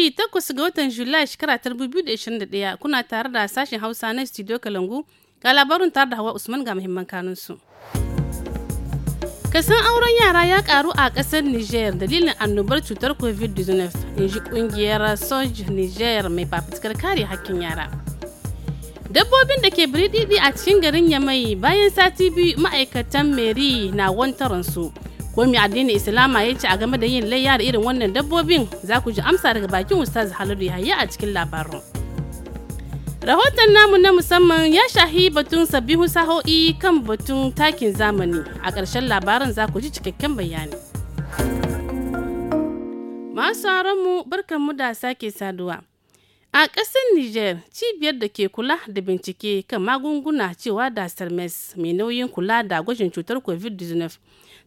Lahadi 8 ga watan Julai shekara ta 2021 kuna tare da sashen Hausa na Studio Kalangu ga labarin tare da Hawa Usman ga muhimman kanunsu. Kasan auren yara ya karu a kasar Niger dalilin annobar cutar COVID-19 in ji kungiyar Soj Niger mai fafutukar kare hakkin yara. Dabbobin da ke biri a cikin garin Yamai bayan sati biyu ma'aikatan Meri na wantaransu. su. ko mai addinin islama ya ce a game da yin layya da irin wannan dabbobin za ku ji amsa daga bakin ustaz halalu yahaya a cikin labarin rahoton namu na musamman ya shahi batun sabihu saho'i kan batun takin zamani a ƙarshen labarin za ku ji cikakken bayani masu mu barkan mu da sake saduwa A ƙasar niger cibiyar da ke kula da bincike kan magunguna cewa da sermes mai nauyin kula da gwajin cutar COVID-19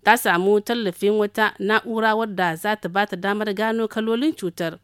ta samu tallafin wata na'ura wadda za ta ba ta damar gano kalolin cutar.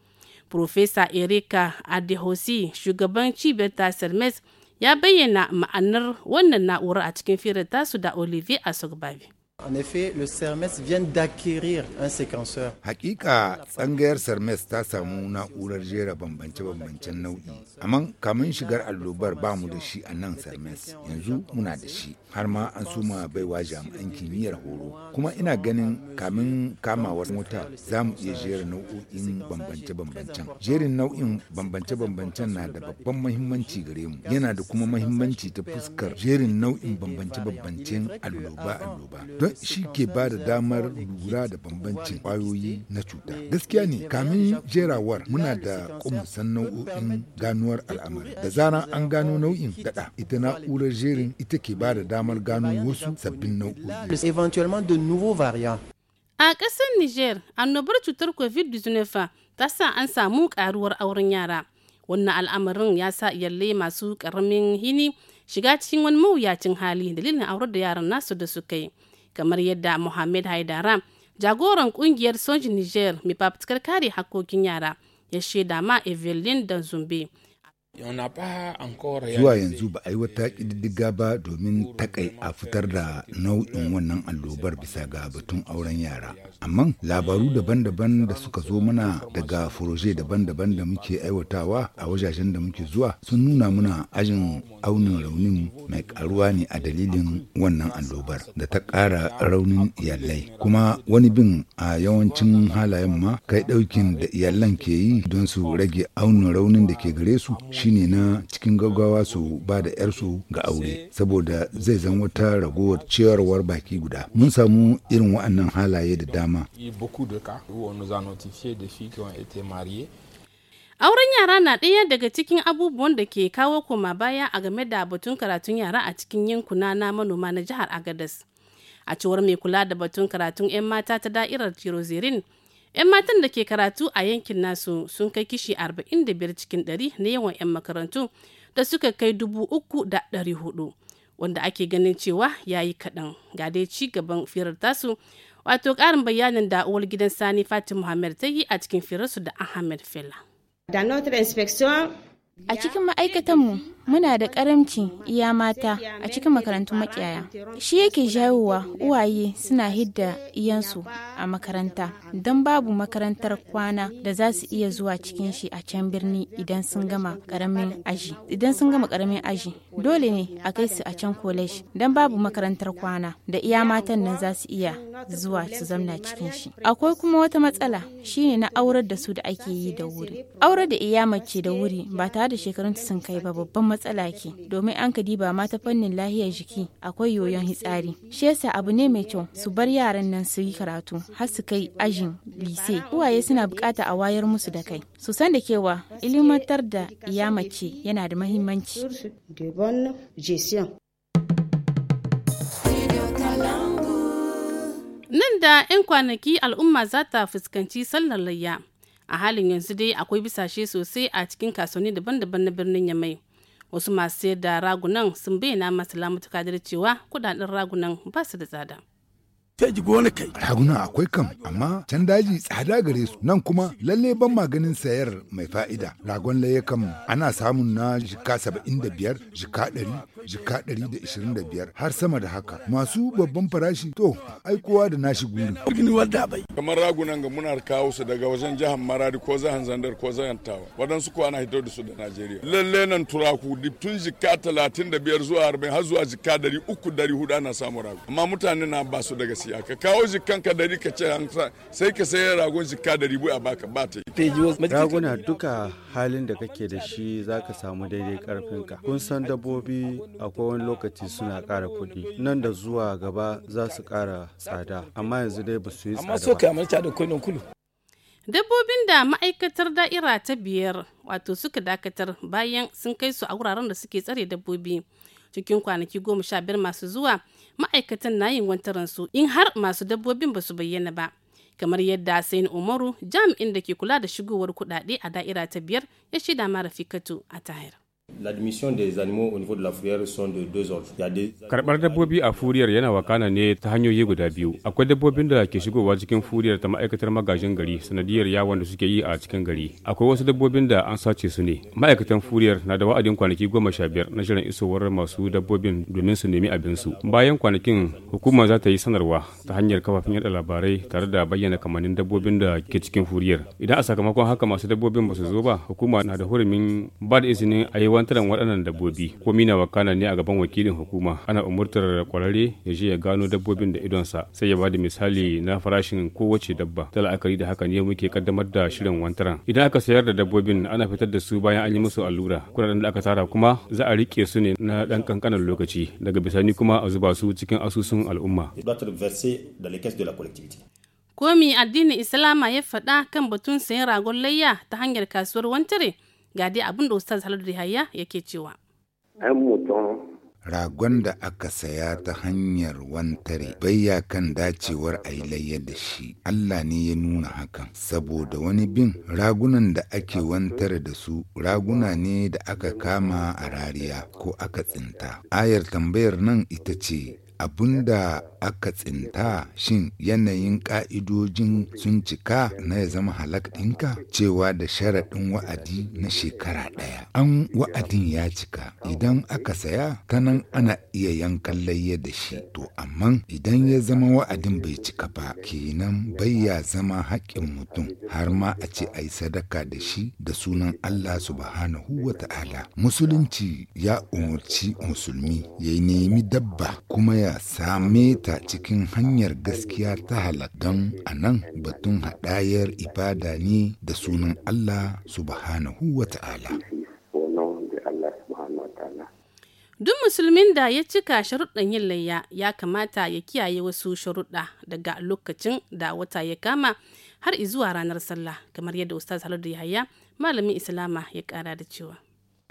Profesa Erika Adehosi, shugaban cibiyar ta sermes ya bayyana ma'anar wannan na'urar a cikin firar tasu da Olivier Asogbavi. En effet, le CERMES vient d'acquérir un séquenceur. Hakika, tsangayar CERMES ta samu na'urar jera bambance-bambancen nau'i. Amma kamun shigar allobar ba mu da shi a nan CERMES, yanzu muna da shi. Har ma an suma baiwa jami'an kimiyyar horo. Kuma ina ganin kamun kamawar mota za mu iya jera nau'o'in bambance-bambancen. Jerin nau'in bambance-bambancen na da babban mahimmanci gare mu. Yana da kuma mahimmanci ta fuskar jerin nau'in bambance-bambancen alloba-alloba. don shi ke ba da damar lura da bambancin kwayoyi na cuta. Gaskiya ne kamin jerawar muna da kumusan nau'o'in ganuwar al'amari. Da zaran an gano nau'in gada ita na'urar jerin ita ke ba da damar gano wasu sabbin nau'o'i. A ƙasar Niger, annobar cutar COVID-19 ta sa an samu karuwar auren yara. wannan al'amarin ya sa iyalle masu ƙaramin hini shiga cikin wani mawuyacin hali dalilin aurar da yaran nasu da suka yi kamar yadda Mohammed Haidara jagoran kungiyar Soji Niger mai fafutukar kare hakokin yara ya shaida ma Evelyn da Zumbe zuwa yanzu ba a yi wata ƙididdiga ba domin takai a fitar da nau'in wannan allobar bisa ga batun auren yara amma labaru daban-daban da suka zo mana daga furoje daban-daban da muke aiwatawa a wajajen da muke zuwa sun nuna muna ajin aunin raunin mai karuwa ne a dalilin wannan allobar da ta ƙara raunin iyalai kuma wani bin a yawancin halayen ma kai ɗaukin da iyalan ke yi don su rage aunin raunin da ke gare su shine na cikin gaggawa su ba da 'yarsu ga aure saboda zai zan wata ragowar ciyarwar baki guda mun samu irin wa'annan halaye da dama Auren yara na ɗaya daga cikin abubuwan da ke kawo koma baya a game da batun karatun yara a cikin yankuna na manoma na jihar Agadas. A cewar mai kula da batun karatun 'yan mata ta da'irar Cirozirin, 'yan matan da ke karatu a yankin nasu sun kai kishi 45 cikin 100 na yawan 'yan makarantu da suka kai 3,400 wanda ake ganin cewa ya yi kaɗan ga dai ci gaban firar tasu wato ƙarin bayanin da uwar gidan sani fatima muhammad ta yi a cikin firarsu da ahmed fela a cikin ma'aikatanmu muna da karamci iya mata a cikin makarantun makiyaya shi yake jawowa uwaye suna hidda iyansu a makaranta don babu makarantar kwana da za su iya zuwa cikin shi a can birni idan sun gama karamin aji idan sun gama karamin aji dole ne a kai su a can college don babu makarantar kwana da iya matan nan za su iya zuwa su zamna cikin shi akwai kuma wata matsala shine na aurar da su da ake yi da wuri aurar da iya mace da wuri ba tare da shekarun sun kai ba babban matsala ke domin an ka diba ma ta fannin lahiyar jiki akwai yoyon hitsari. Shi yasa abu ne mai kyau su bar yaran nan su yi karatu har su kai ajin lise. Uwaye suna bukata a wayar musu da kai. Su san da kewa ilimantar da iya mace yana da mahimmanci. Nan da 'yan kwanaki al'umma za ta fuskanci sallar layya. A halin yanzu dai akwai bisashe sosai a cikin kasuwanni daban-daban na birnin Yamai. wasu masu sayar da ragunan sun bayyana masu lamutuka cewa kudaden ragunan ba su da tsada teji gona kai. Raguna akwai kam, amma can daji tsada gare su nan kuma lalle ban maganin sayar mai fa'ida. Ragon laye kam ana samun na jika saba'in da biyar, jika ɗari, jika dari da ishirin da biyar har sama da haka. Masu babban farashi to aikowa da nashi guri. Gini wadda bai. Kamar ragunan ga muna kawo su daga wajen jihar Maradi ko jihar Zandar ko jihar Tawa. Waɗansu ko ana hito da su da Najeriya. Lalle nan turaku tun jika talatin da biyar zuwa arba'in har zuwa jika dari uku dari hudu ana samun ragu. Amma mutane na ba su daga siya ka kawo jikan ka dari ka ce sai ka sayar ragon jikka da ribu a baka ba ta yi. raguna duka halin da kake da shi za ka samu daidai karfin ka kun san dabbobi akwai wani lokaci suna ƙara kuɗi nan da zuwa gaba za su ƙara tsada amma yanzu dai ba su yi tsada ba. dabbobin da ma'aikatar da'ira ta biyar wato suka dakatar bayan sun kai su a wuraren da suke tsare dabbobi cikin kwanaki goma sha biyar masu zuwa ma'aikatan na yin su in har masu dabbobin ba su bayyana ba kamar yadda sain umaru jami'in da ke kula da shigowar kudade a da'ira ta biyar ya shida mara rafikatu a tahir Karɓar dabbobi a furiyar yana wakana ne ta hanyoyi guda biyu. Akwai dabbobin da ke shigowa cikin furiyar ta ma'aikatar magajin gari sanadiyar yawon da suke yi a cikin gari. Akwai wasu dabbobin da an sace su ne. Ma'aikatan furiyar na da wa'adin kwanaki goma sha biyar na shirin isowar masu dabbobin domin su nemi abinsu. Bayan kwanakin hukuma za ta yi sanarwa ta hanyar kafafen yada labarai tare da bayyana kamannin dabbobin da ke cikin furiyar. Idan a sakamakon haka masu dabbobin ba su zo ba hukuma na da hurumin ba da izinin a gurbantaran waɗannan dabbobi ko mina wakana ne a gaban wakilin hukuma ana umurtar kwararre ya je ya gano dabbobin da idonsa sai ya bada misali na farashin kowace dabba ta la'akari da haka ne muke kaddamar da shirin wantaran idan aka sayar da dabbobin ana fitar da su bayan an yi musu allura kuɗaɗen da aka tara kuma za a rike su ne na ɗan ƙanƙanin lokaci daga bisani kuma a zuba su cikin asusun al'umma komi addinin islama ya faɗa kan batun sayan ragon layya ta hanyar kasuwar wantare ga dai abin da ustaz haladu yahaya yake cewa an mutum ragon da aka saya ta hanyar wantare bayya kan dacewar a yi layya da shi Allah ne ya nuna hakan saboda wani bin ragunan da ake wantare da su raguna ne da aka kama a rariya ko aka tsinta ayar tambayar nan ita ce abin da aka tsinta shin yanayin ƙa'idojin sun cika na ya zama halak ɗinka cewa da sharaɗin wa'adi na shekara ɗaya. An wa'adin ya cika idan aka saya ta nan ana iya yankan layya da shi to amma idan ya zama wa'adin bai cika ba kenan bai ya zama haƙƙin mutum har ma a ce ai sadaka da shi da sunan Allah subhanahu wa ta'ala. Musulunci ya umarci musulmi ya nemi dabba kuma ya iya same ta cikin hanyar gaskiya ta halak a nan batun haɗayar ibada ne da sunan Allah subhanahu wa ta'ala. Duk musulmin da ya cika sharuɗan yin layya ya kamata ya kiyaye wasu sharuɗa daga lokacin da wata ya kama har zuwa ranar sallah kamar yadda Ustaz Haladu Yahaya malamin Islama ya ƙara da cewa.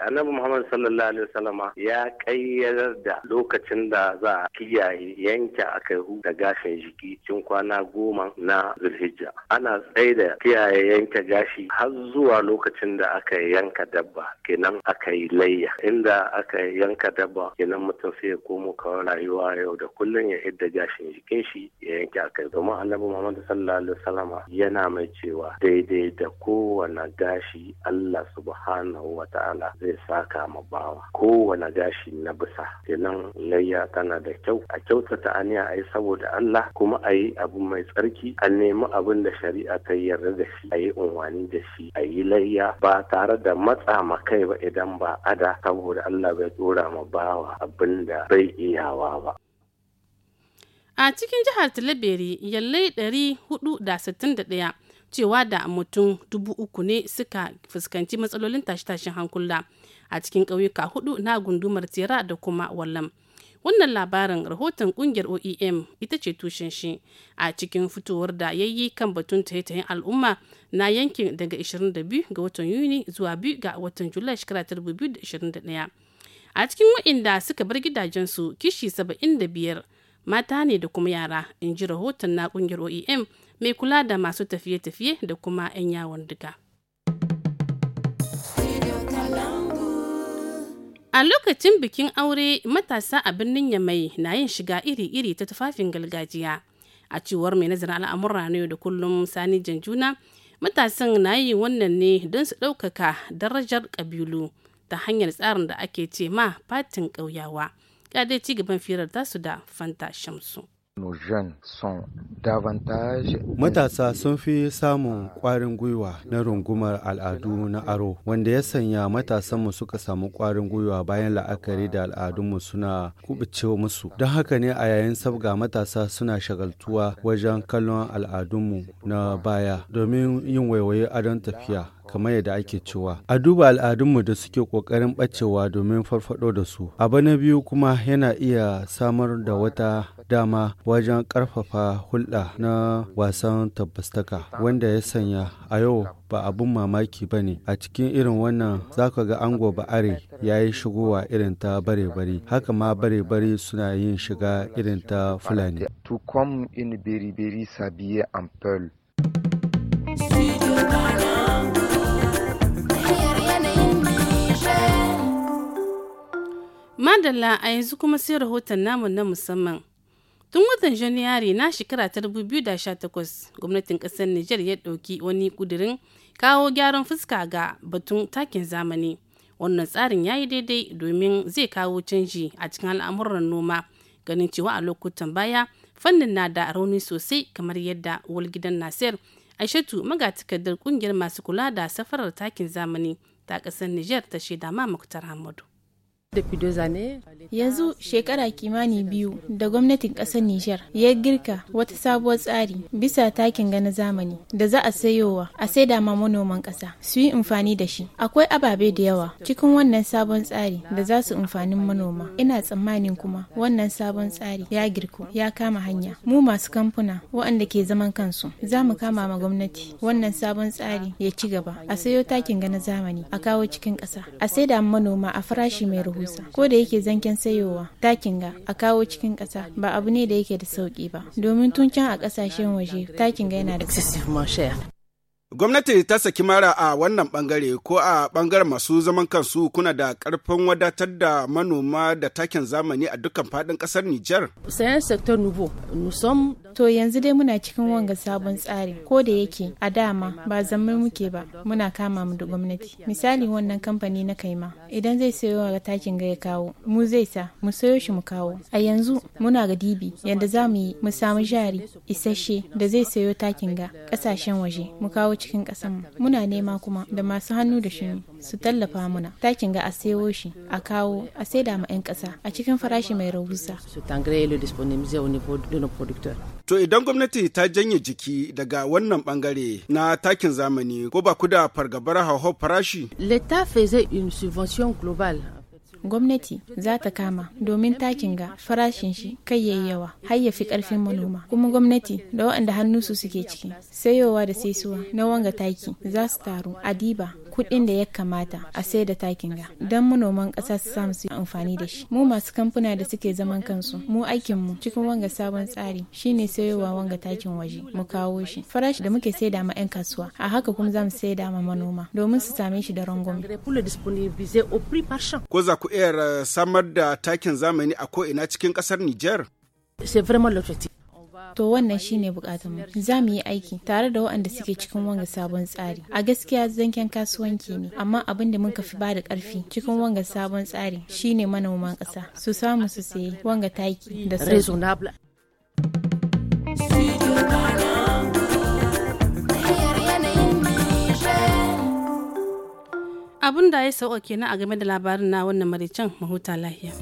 annabi muhammad sallallahu alaihi wasallama ya kayyadar da lokacin da za a kiyaye yanke hu da gashin jiki cikin kwana goma na zulhijja ana tsaye da kiyaye yanke gashi har zuwa lokacin da aka yanka dabba kenan aka yi layya inda aka yanka dabba kenan mutum sai ya komo kawai rayuwa yau da kullum ya hidda gashin jikin shi ya yanke akai domin annabi muhammad sallallahu alaihi wasallama yana mai cewa daidai da kowane gashi allah subhanahu wa ta'ala zai zai saka ma bawa kowane gashi na bisa kenan layya tana da kyau a kyautata aniya a yi saboda Allah kuma a yi abu mai tsarki a nemi abun da shari'a ta yarda da shi a yi unwani da shi a yi layya ba tare da matsa ma kai ba idan ba ada saboda Allah bai dora ma bawa abin da bai iyawa ba. A cikin jihar Talabere, yallai 461 cewa da mutum dubu uku ne suka fuskanci matsalolin tashe-tashen hankula a cikin ƙauyuka hudu na gundumar tera da kuma wallam wannan labarin rahoton kungiyar oem ita ce tushen shi a cikin fitowar da ya yi kan batun taitayin al'umma na yankin daga 22 ga watan yuni zuwa 2 ga watan julai shekara 2021 a cikin waɗanda suka bar gidajensu kishi 75 mata ne da kuma yara in ji rahoton na kungiyar oem mai kula da masu tafiye-tafiye da kuma 'yan yawon duka A lokacin bikin aure matasa a birnin Yamai na yin shiga iri-iri ta tufafin gargajiya. A cewar mai nazarin al'amurra na yau da kullum Sani Janjuna, matasan na yi wannan ne don su ɗaukaka darajar ƙabilu ta hanyar tsarin da ake ce ma fatin ƙauyawa. Ya ci gaban firar tasu da Fanta Shamsu. Matasa sun fi samun ƙwarin gwiwa na rungumar al'adu na aro, wanda ya sanya matasanmu suka samu ƙwarin gwiwa bayan la'akari da al'adunmu suna kubucewa musu. Don haka ne a yayin sabga matasa suna shagaltuwa wajen kallon al'adunmu na baya domin yin waiwaye adon tafiya. kamar yadda ake cewa a duba al'adunmu da suke ƙoƙarin ɓacewa domin farfaɗo da su abu na biyu kuma yana iya samar da wata dama wajen ƙarfafa hulɗa na wasan tabbastaka wanda ya sanya a yau ba abun mamaki ba ne a cikin irin wannan zaka ga ango ba'are ya yi shigowa irin ta bare-bare haka ma bare-bare suna yin shiga irin ta fulani. To come in very sabiye Madalla a yanzu kuma sai rahoton namu na musamman. Tun watan Janairu na shekara ta 2018 gwamnatin kasar Nijar ya ɗauki wani ƙudirin kawo gyaran fuska ga batun takin zamani. Wannan tsarin ya yi daidai domin zai kawo canji a cikin al'amuran noma ganin cewa a lokutan baya fannin na da rauni sosai kamar yadda walgidan Nasir Aishatu magatakardar ƙungiyar masu kula da safarar takin zamani ta ƙasar Nijar ta shaida ma Muktar Hamadu. Yanzu shekara kimanin biyu da gwamnatin ƙasar Nijar ya girka wata sabuwar tsari bisa takin gana zamani da za a sayowa a saida ma manoman ƙasa su yi amfani da shi. Akwai ababe da yawa cikin wannan sabon tsari da za su amfani manoma. Ina tsammanin kuma wannan sabon tsari ya girku ya kama hanya. Mu masu kamfuna waɗanda ke zaman kansu za mu kama ma gwamnati wannan sabon tsari ya ci gaba a sayo takin ga zamani a kawo cikin ƙasa a saida manoma a farashi mai rahoto. rahusa ko da yake zanken sayowa takin ga a kawo cikin ƙasa ba abu ne da yake da sauƙi ba domin tun can a ƙasashen waje takin ga yana da Gwamnati ta saki mara a wannan bangare ko a bangaren masu zaman kansu kuna da karfin wadatar da manoma da takin zamani a dukkan fadin kasar Nijar. Sayan sector nubo, nusom. To yanzu dai muna cikin wanga sabon tsari ko da yake a dama ba zammai muke ba muna kama mu da gwamnati. Misali wannan kamfani na kaima idan zai sayo wa takin ga ya kawo mu zai sa mu sayo shi mu kawo. A yanzu muna ga dibi yanda za mu yi mu samu jari isasshe da zai sayo takin ga kasashen waje mu kawo cikin ƙasan muna nema kuma da masu hannu da shi su tallafa muna takin ga a sayo shi a kawo a saida ma 'yan ƙasa a cikin farashi mai rahusa to idan gwamnati ta janye jiki daga wannan bangare na takin zamani ko ba ku da fargabar hauhawar farashi l'etat faisait une subvention globale gwamnati za ta kama domin takin ga farashin shi kai yayi yawa har ya fi karfin manoma kuma gwamnati da waɗanda hannu su suke ciki sayowa da saisuwa na wanga taki za su taru a diba kuɗin da ya kamata a sai da takin ga don manoman ƙasa su samu su yi amfani da shi mu masu kamfuna da suke zaman kansu mu aikin mu cikin wanga sabon tsari shine sayowa wanga takin waje mu kawo shi farashi da muke saida ma 'yan kasuwa a haka kuma za mu saida ma manoma domin su same shi da rangwame ko za ku iya eh, samar da takin zamani a ko ina cikin ƙasar Nijar? C'est vraiment l'objectif. to wannan shine bukatun mu za mu yi aiki tare da waɗanda suke cikin wanga sabon tsari a gaskiya zanken kasuwanci ne amma abin da muka fi bada karfi cikin wanga sabon tsari shine manoman ƙasa su samu su sayi wanga taki da sauran abin da ya sauka kenan a game da labarin na wannan maricin mahuta lahiya